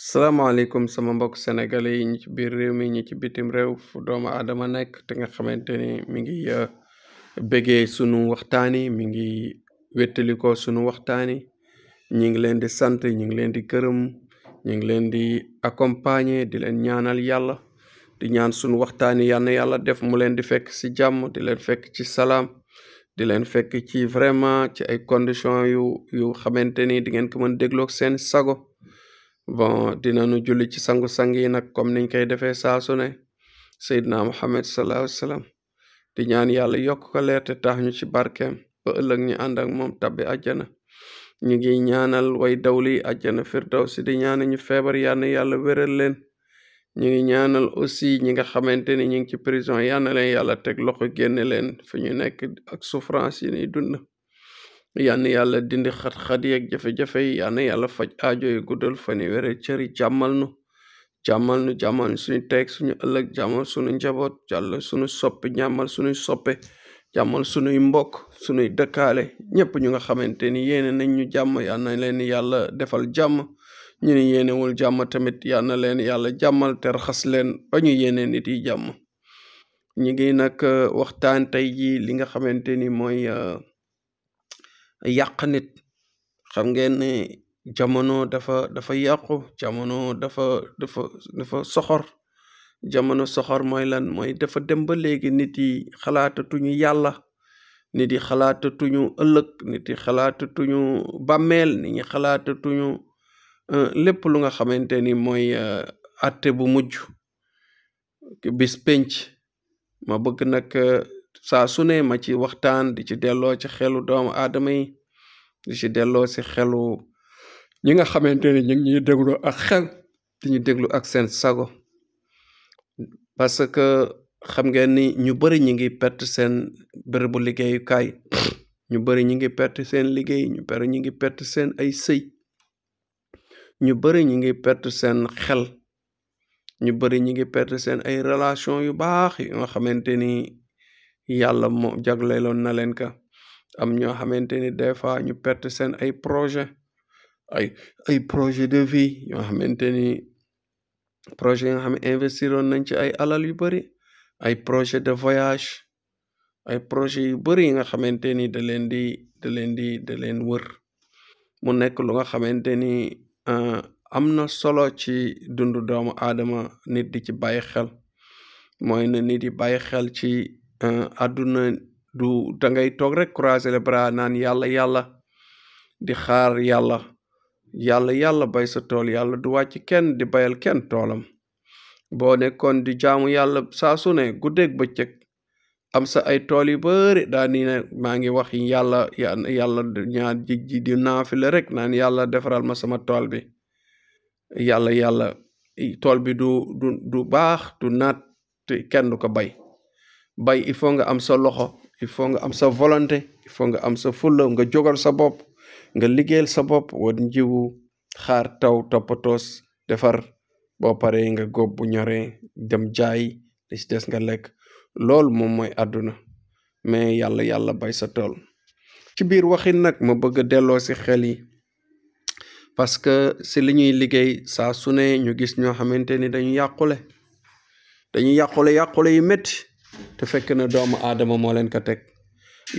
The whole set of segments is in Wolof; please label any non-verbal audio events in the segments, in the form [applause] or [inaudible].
salaamaaleykum sama mbokk sénégalais yi ñi ci biir réew mi ñi ci bitim réew fu doomu adama nekk te nga xamante ni mi ngi euh, bëggee sunu waxtaan yi mi ngi wettali sunu waxtaan yi ñu ngi leen di sant ñu ngi leen di gërëm ñu ngi leen di accompagner di leen ñaanal yàlla di ñaan sunu waxtaan yi yàlla def mu leen di fekk ci jàmm di leen fekk ci salaam di leen fekk ci vraiment ci ay conditions yu yu xamante ni di ngeen ko mën dégloog seen sago. bon nu julli ci sangu-sang yi nag comme niñ koy defee saa ne seydina muhammad sallallahu alayhi wa di ñaan yàlla yokk ko leer te tax ñu ci barkeem ba ëllëg ñu ànd ak moom tabbi àjjana ñu ngi ñaanal way dawli àjjana firdawsi di ñaan ñu feebar yàlla yàlla wéral leen ñu ngi ñaanal aussi ñi nga xamante ni ñu ngi ci prison yàlla leen yàlla teg loxo génne leen fu ñu nekk ak souffrance yi ñuy dund yal na yàlla dindi xat-xat yi ak jafe-jafe yi yal na yàlla faj aajo yi guddal fan yi wéré cëri jàmmal nu jàmmal nu jàmmal suñu teeg suñu ëllëg jàmmal suñu njaboot jàll suñu soppe jàmmal suñuy soppe jàmmal suñuy mbokk suñuy dëkkaale ñëpp ñu nga xamante ni yéene nañ ñu jàmm yal na leen yàlla defal jàmm ñu ni yéenewul jàmm tamit yal na leen yàlla jàmmal te raxas leen ba ñu yéene nit yi jàmm ñu ngi nag euh, waxtaan tey jii li nga xamante ni mooy euh, yàq nit xam ngeen ne jamono dafa dafa yàqu jamono dafa dafa dafa soxor jamono soxor mooy lan mooy dafa dem ba léegi nit yi xalaatatuñu yàlla nit yi xalaatatuñu ëllëg nit yi xalaatatuñu bàmmeel nit ñi xalaatatuñu euh, lépp lu nga xamante ni mooy euh, àtte bu mujj bis ma bëgg nag euh, saa su ne ma ci waxtaan di ci delloo ci xelu doomu aadama yi di ci delloo ci xelu ñi nga xamante ne ñu ngi ñuy déglu ak xel di déglu ak seen sago parce que xam ngeen ni ñu bëri ñu ngi perte seen bërëbu liggéeyukaay [coughs] ñu bëri ñu ngi perte seen liggéey ñu bëri ñu ngi perte seen ay sëy ñu bëri ñu ngi perte seen xel ñu bëri ñu ngi perte seen ay relation yu baax yi nga xamante yàlla moom jagleeloon na leen ka am ñoo xamante ni des fois ñu perte seen ay projet ay ay projet de vie yoo xamante ni projet yoo xam ne investiroon nañ ci ay alal yu bëri ay projet de voyage ay projet yu bëri yi nga xamante ni da leen di da leen di da leen wër mu nekk lu nga xamante ni eh, am na solo ci dundu doomu aadama nit di ci bàyyi xel mooy na nit di bàyyi xel Eh, àdduna du dangay toog rek croiser les bras naan yàlla yàlla di xaar yàlla yàlla yàlla bay sa tool yàlla du wàcc kenn di bayal kenn toolam boo nekkoon di jaamu yàlla saa su ne guddeeg bëccëg am sa ay tool yu bari daa ni ne maa ngi wax yàlla yàlla ñaar jig ji di rek naan yàlla defaral ma sama tool bi yàlla yàlla tool bi du du baax du naat te kenn du ko bay bay il faut nga am sa loxo il faut nga am sa volonté il faut nga am sa fulla nga jógal sa bopp nga liggéeyal sa bopp war njiwu xaar taw toppatoos defar boo paree nga góob bu ñoree dem jaay li ci des nga lekk loolu moom mooy àdduna mais yàlla yàlla bay sa tool ci biir waxin nag ma bëgg a delloo si xel yi parce que si li ñuy liggéey saa su ne ñu gis ñoo xamante ni dañu yàqule dañu yàqule yàqule yu métti te fekk na doomu aadama moo leen ko teg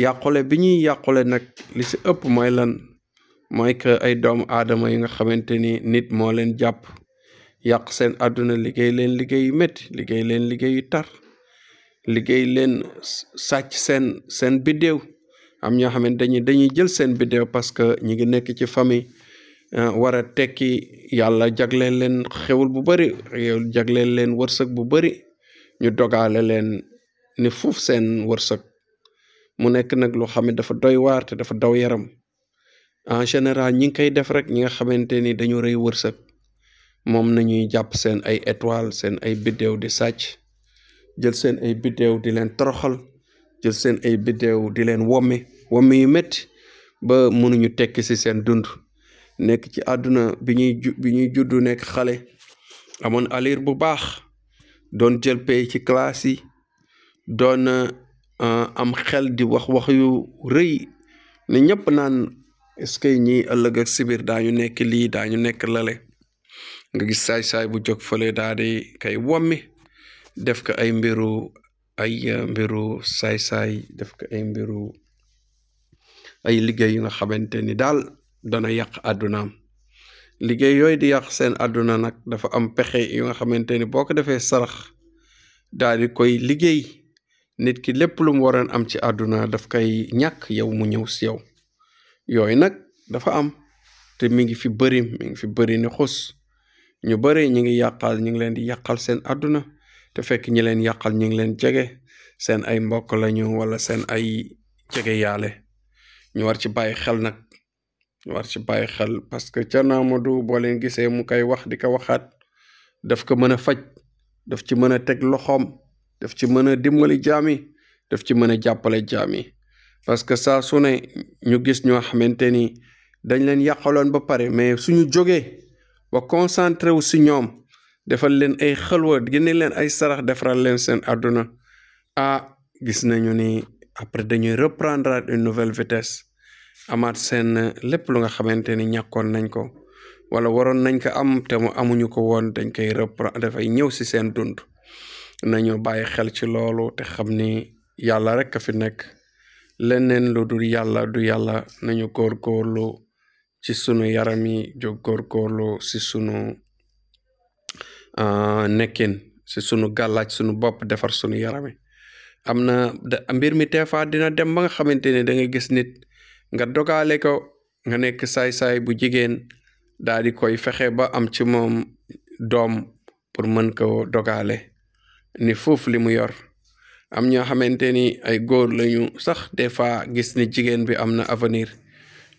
yàqule bi ñuy yàqule nag li si ëpp mooy lan mooy que ay doomu aadama yu nga xamante ni nit moo leen jàpp yàq seen àdduna liggéey leen liggéey yu métti liggéey leen liggéey yu tar liggéey leen sàcc seen seen biddéew am ñoo xamante dañuy dañuy jël seen biddéew parce que ñu ngi nekk ci famille eh, war a tekki yàlla jagleel leen xewul bu bëri xewul jagleel leen wërsëg bu bëri ñu dogaale leen ne fuuf seen wërsëg mu nekk nag loo xam ne dafa doy waar te dafa daw yaram en général ñi ngi koy def rek ñi nga xamante ni dañu rëy wërsëg moom nañuy jàpp seen ay étoile seen ay biddéew di sàcc jël seen ay biddéew di leen toroxal jël seen ay biddéew di leen womme womme yu métti ba mënuñu tekki ci seen dund nekk ci àdduna bi ñuy ñuy juddu nekk xale amoon alir bu baax doon jël pay ci classe yi doon ah, am xel di wax wax yu rëy ne ñëpp naan est que ñii ëllëg ak sibir daañu nekk lii daañu nekk lale nga gis saay-saay bu jog fële daa di kay wommi def ko ay mbiru ay ah, mbiru saay-saay def ko ay mbiru ay liggéey yu nga xamante ni daal dana yàq àddunaam liggéey yooyu di yàq seen àdduna nag dafa am pexe yu nga xamante ni boo ko defee sarax daal di koy liggéey nit ki lépp lu mu waroon am ci àdduna daf koy ñàkk yow mu ñëw si yow yooyu nag dafa am te mi ngi fi bëri mi ngi fi bëri ni xus ñu bëri ñu ngi yàqal ñu ngi leen di yàqal seen àdduna te fekk ñi leen yàqal ñu ngi leen jege seen ay mbokk lañu wala seen ay jege yaale ñu war ci bàyyi xel nag ñu war ci bàyyi xel parce que Thierno Amadou boo leen gisee mu koy wax di ko waxaat daf ko mën a faj daf ci mën a teg loxoom daf ci mën a dimbali jaam yi daf ci mën a jàppale jaam yi parce que saa su ne ñu gis ñoo xamante ni dañ leen yàqaloon ba pare mais suñu jógee ba concentré wu si ñoom defal leen ay xalwa génne leen ay sarax defaral leen seen àdduna ah gis nañu ni après dañuy reprendre une nouvelle vitesse amaat seen lépp lu nga xamante ni ñàkkoon nañ ko wala waroon nañ ko am te mu amuñu ko woon dañ koy reprendre dafay ñëw si seen dund nañu bàyyi xel ci loolu te xam ni yàlla rek a fi nekk leneen lu dul yàlla du yàlla nañu góorgóorlu ci sunu yaram yi jóg góorgóorlu ci sunu nekkin si sunu gàllaaj sunu bopp defar sunu yaram yi am na mbir mi teefaa dina dem ba nga xamante ne da nga gis nit nga dogaale ko nga nekk saay-saay bu jigéen daal koy fexe ba am ci moom doom pour mën ko dogale ni foofu li mu yor am ñoo xamante ni ay góor lañu sax des fois gis ni jigéen bi am na avenir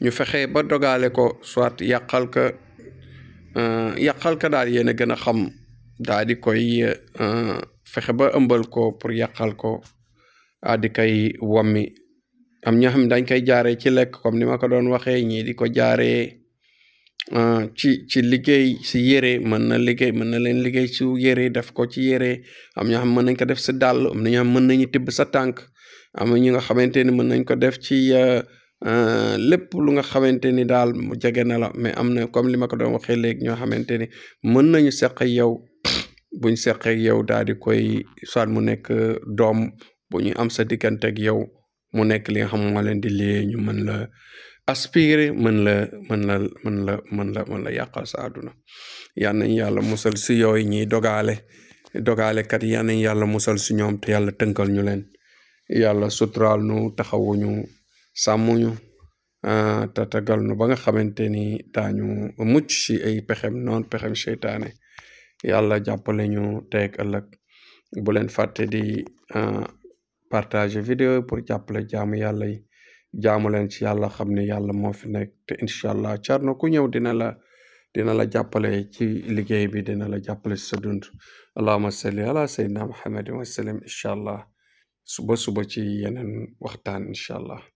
ñu fexe ba dogale ko soit yàqal ka euh, yàqal ka daal yéen a gën a xam daal di koy euh, fexe ba ëmbal ko pour yàqal ko a di koy wammi am ñoo xam ne dañ koy jaaree ci lekk comme ni ma ko doon waxee ñii di ko jaaree Ah, ci ci liggéey si yére mën na liggéey mën na leen liggéey su yére def ko ci yére am ñoo xam mën nañ ko def sa dàll am na ñoo xam mën nañu tibb sa tànk am ñi nga xamante ni mën nañ ko def ci ah, ah, lépp lu nga xamante ni daal mu jege na la mais am na comme li ma ko doon waxee léegi ñoo xamante ni mën nañu seq yow [sniffs] buñ seq yow daal di koy soit mu nekk doom bu ñu am sa diggante ak yow mu nekk li nga xam leen di lee ñu mën la aspiré mën la mën la mën la mën la mën la yàqal sa àdduna yal nañ yàlla musal si yooyu dogale dogale kat yal nañ yàlla musal si ñoom te yàlla tënkal ñu leen yàlla suturaal nu taxawuñu sàmmuñu ah, te tagal nu ba nga xamante ni daañu mucc si ay pexem noon pexem seytaane yàlla jàppale ñu teeg ëllëg bu leen fàtte di ah, partager vidéo pour jàppale jaamu yàlla jaamu leen ci yàlla xam ne yàlla moo fi nekk te incha allah Thierno ku ñëw dina la dina la jàppale ci liggéey bi dina la jàppale ci sa dund allahuma salli ala sayyidina muhammadin wa sallam incha allah suba suba ci yeneen waxtaan incha allah